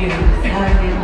you.